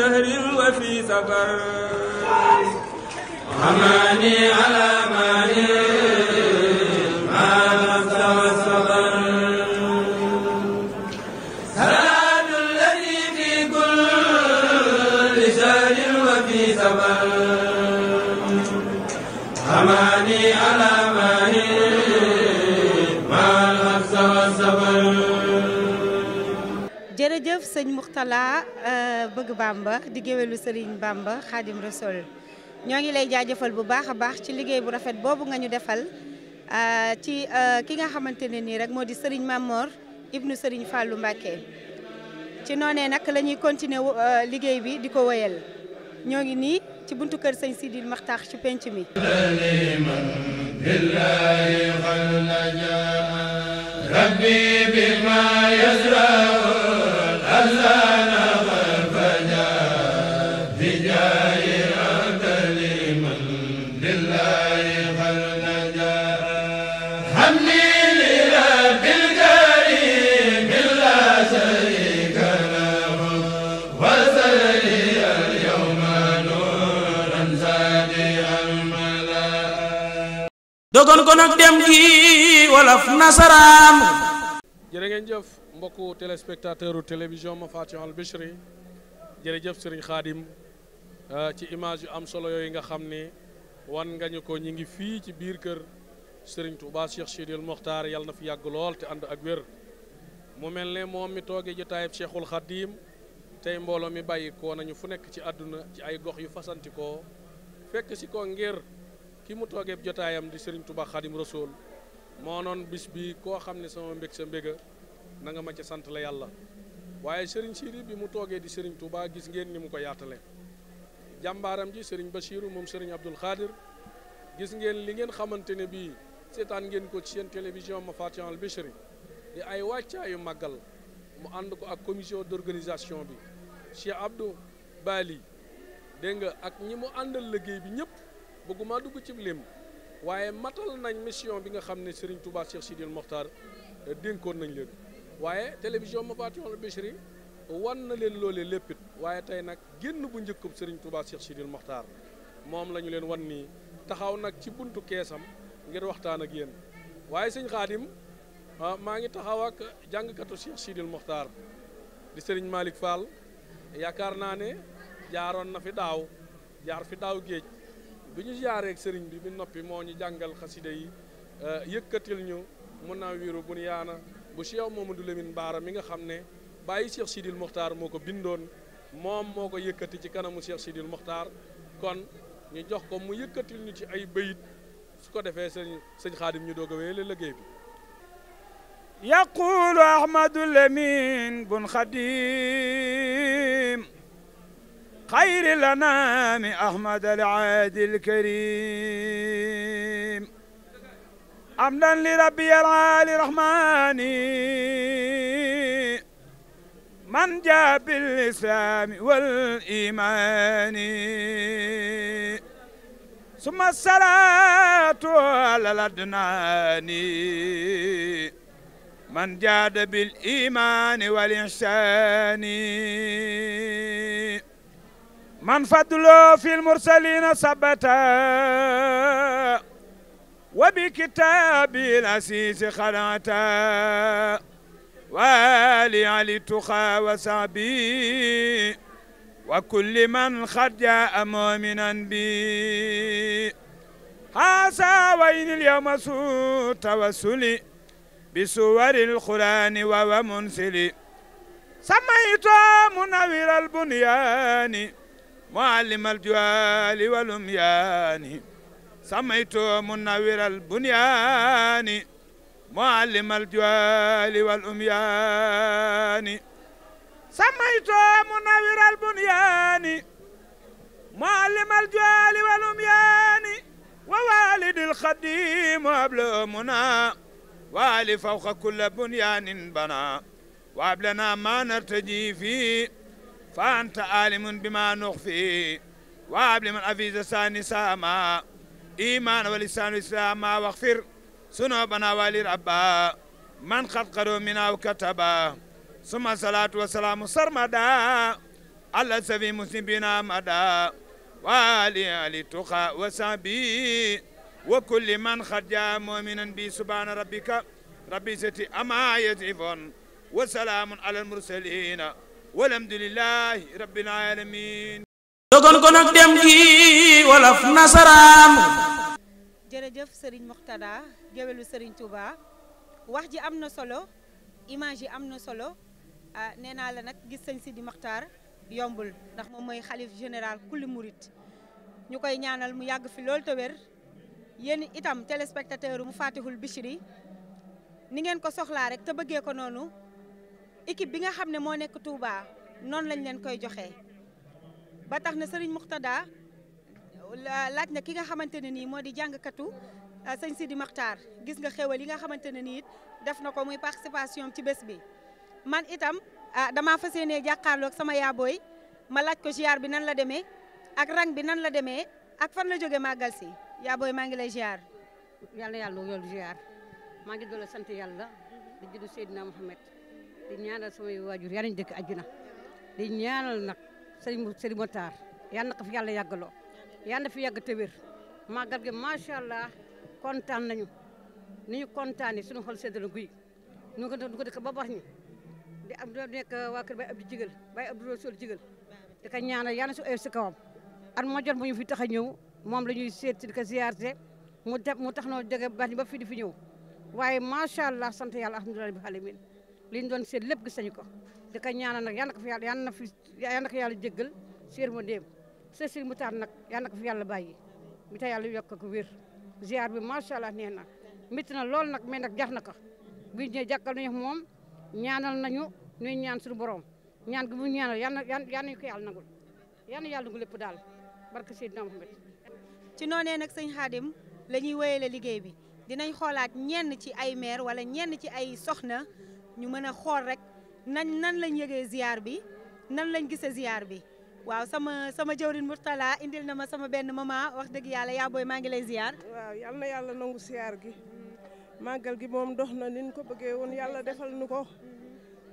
شهر وفي سفر وحماني على ماني ما نفس والصبر سلام الذي في كل شهر وفي سفر حماني على jërëjëf sëñ Mouhtala euh, bëgg Bamba di géwélu Serigne Bamba Khadim Rassoul ñoo ngi lay jaajëfal bu baax a baax ci liggéey bu rafet boobu nga ñu defal euh, ci euh, ki nga xamante ne nii rek moo di sëriñ Mamor ibnu sëriñ fàllu Mbacké ci noonee nag lañuy ñuy continuer liggéey bi di ko woyal ñoo ngi nii ci buntu kër sëñ Sidil Maxtaar ci penc mi. ربي بما يزرعون dogon ko nag dem gi wolof nasaraan jërë ngeen jëf mbokku téléspectateur u télévision ma Fatih Al Bichri jërëjëf Serigne Khadim euh, ci image yu am solo yooyu nga xam ne wan nga ñu ko ñi ngi fii ci biir kër Serigne Touba Cheikh Sidil Mokhtar yàlla na fi yàgg lool te ànd ak wér mu mel ne moom mi toogee jotaayub Cheikhul Khadim tey mbooloo mi bàyyi ko nañu fu nekk ci àdduna ci ay gox yu fasanti ko fekk si ko ngir ki mu toogee jotaayam di Serigne Touba Khadim Rasoul moo noon bis bi koo xam ne sama mbég sa mbéga na nga ma ca sant la yàlla waaye sëriñ Sidi bi mu toogee di sëriñ Touba gis ngeen ni mu ko yaatale jàmbaaram ji sëriñ Bachirou moom sëriñ Abdoul Khadir gis ngeen li ngeen xamante ne bii seetaan ngeen ko ci seen télévision ma Fatimal Bichri di ay wàccaayu màggal mu ànd ko ak commission d'organisation bi Cheikh Abdou Bali dégg nga ak ñi mu àndal liggéey bi ñëpp bëgguma dugg ci lim waaye matal nañ mission bi nga xam ne Serigne Touba Cheikh Sidil Mokhtar dénkoon nañ leen. waaye télévision Mafatihul Bichri wan na leen loolee léppit waaye tey nag génn bu njëkkub sëriñ Touba Cheikh Sidil Mokhtar moom lañu leen wan nii taxaw nag ci buntu keesam ngir waxtaan ak yéen waaye sëñ Xaadim ah, maa ngi taxaw ak jàngkatu Cheikh Sidil Mokhtar di sëriñ Malick Fall yaakaar naa ne jaaroon na fi daaw jaar fi daaw géej bi ñu jaaree ak sëriñ bi bi noppi moo ñu jàngal xasida yi eh, yëkkatil ñu mun naa wiiru bun yaana bu Cheikh Mamadou Lamine Baara mi nga xam ne bàyyi Cheikh Sidil Mokhtar moo ko bindoon moom moo ko yëkkati ci kanamu Cheikh Sidil Mokhtar kon ñu jox ko mu yëkkatil ñu ci ay bayit su ko defee sëñ sëñ xaadim ñu doog a wéyale liggéey bi yaqulu ahmadu lamin bun xadim xayri lanaami ahmad al aadi al karim حمدا لربي العالي الرحمن من جاء بالإسلام والإيمان ثم الصلاة على الأدنان من جاد بالإيمان والإحسان من فضله في المرسلين ثبتا وبكتاب العزيز خلعتا وآل علي تقى وصحبي وكل من قد جاء مؤمنا بي هذا وين اليوم سوء توسلي بسور القرآن وهو منسلي سميت منور البنيان معلم الجوال والأميان سميت منور البنيان معلم الجوال والأميان سميت منور البنيان معلم الجوال والأميان ووالد الخديم قبل منا والي فوق كل بنيان بنا وابلنا ما نرتجي فيه فأنت عالم بما نخفي وابل من أفيز ساني ساما إيمان ولسان الإسلام واغفر سنوبنا ولربا من قد قدوا منا وكتبا ثم صلاة وسلام سرمدا على سبي مسلمنا مدى وآلي آل تقى وسبي وكل من قد جاء مؤمنا بي سبحان ربك رب العزة أما يصفون وسلام على المرسلين والحمد لله رب العالمين dogon ko nag dem gi wolof nasaraan jërëjëf Serigne Moxtada géwélu Serigne Touba wax ji am na solo image yi am na solo ah nee naa la nag gis sëñ Sidi Moxtaar yombul ndax moom mooy xalif général kulli murit ñu koy ñaanal mu yàgg fi loolu te wér itam téléspectateur mu Fatihul Bichri ni ngeen ko soxlaa rek te bëggee ko noonu équipe bi nga xam ne moo nekk Touba noonu lañ leen koy joxe ba tax na Serigne Moxtada laaj na ki nga xamante ne nii moo di jàngkatu euh, sëñ Sidi Maxtaar gis nga xéwal yi nga xamante ne nii it def na ko muy participation ci bés bi man itam euh, damaa fas yéenee jàkkaarloog sama yaabooy ma laaj ko ziar bi nan la demee ak rang bi nan la demee ak fan la jóge màggal si yaabooy maa ngi lay ziar. yàlla yàlla loolu ziar maa ngi doon sant yàlla di juddu Seydina Mohamed di ñaanal samay waajur yàlla ñu dëkk àjjana di ñaanal nag sëriñ na fi yàlla yàggaloo yal na fi yàgg te wér màggal gi macha allah kontaan nañu ni ñu kontaanee sunu xol sedd na guy ñu ko du ko dëkk ba bax ñi di am doo nekk waa kër bay Abdou Jigal bay Abdou Rasoul Jigal di ko ñaanal yal na su oyof si kawam at moo jot mu ñu fi tax a ñëw moom la ñuy seet di ko ziyaarte mu mu tax noo jóge bax ñi ba fii fi ñëw waaye macha allah sant yàlla alhamdulilah bi alamin li ñu doon seet lépp gis nañu ko di ko ñaanal nag yal na ko fi yàlla yal na fi yal na ko yàlla jéggal séer ma Cécile Moutar nag yal na fi yàlla bàyyi mi ta yàlla yokk ko wér ziar bi macha allah nee na métti na lool nag mais nag jar na ko bu ñu jàkkal nañu moom ñaanal nañu ñuy ñaan suñu borom ñaan gi bu ñu ñaanal yal na yal nañu ko yàlla nangul yal na yàlla nangul lépp daal barke Seydina Muhammad ci noonee nag sëñ Xaadim la ñuy wéyale liggéey bi dinañ xoolaat ñenn ci ay maire wala ñenn ci ay soxna ñu mën a xool rek nañ nan lañ yëgee ziar bi nan lañ gisee ziar bi. waaw sama sama jëwrin Mourtala indil na ma sama benn maman wax dëgg yàlla yaa maa ngi lay ziar. waaw yal na yàlla nangu ziar gi. màggal gi moom dox na ni ñu ko bëggee woon yàlla defal nu ko.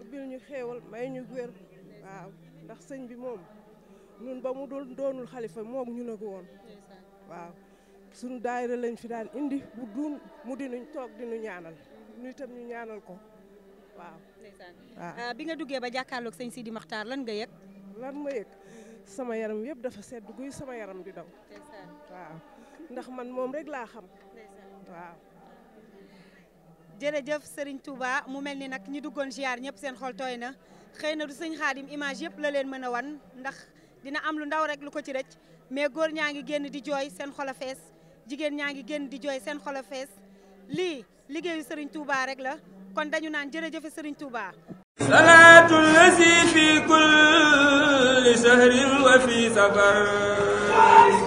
ubbil ñu xéewal may ñu wér. waaw ndax sëñ bi moom ñun ba mu doon doonul xalifa moog ñu ne ko woon. waaw sunu daayira lañ fi daan indi bu duun mu di nuñ toog di nu ñaanal. ñu itam ñu ñaanal ko waaw. Ah, bi nga duggee ba jàkkaarloog sëñ di Maxtaar lan nga yëg. lan ma yëg sama yaram yëpp dafa sedd guy sama yaram di daw waaw ndax man moom rek laa xam waaw jërëjëf Serigne Touba mu mel ni nag ñi duggoon ziar ñëpp seen xol tooy na xëy na du sëñ xaadim image yëpp la leen mën a wan ndax dina am lu ndaw rek lu ko ci rëcc mais góor ñaa ngi génn di jooy seen xol a fees jigéen ñaa ngi génn di jooy seen xol a fees lii liggéeyu Serigne Touba rek la kon dañu naan jërëjëfe sëriñ Touba salaatul lazi fi kulli sahrin wa fi safar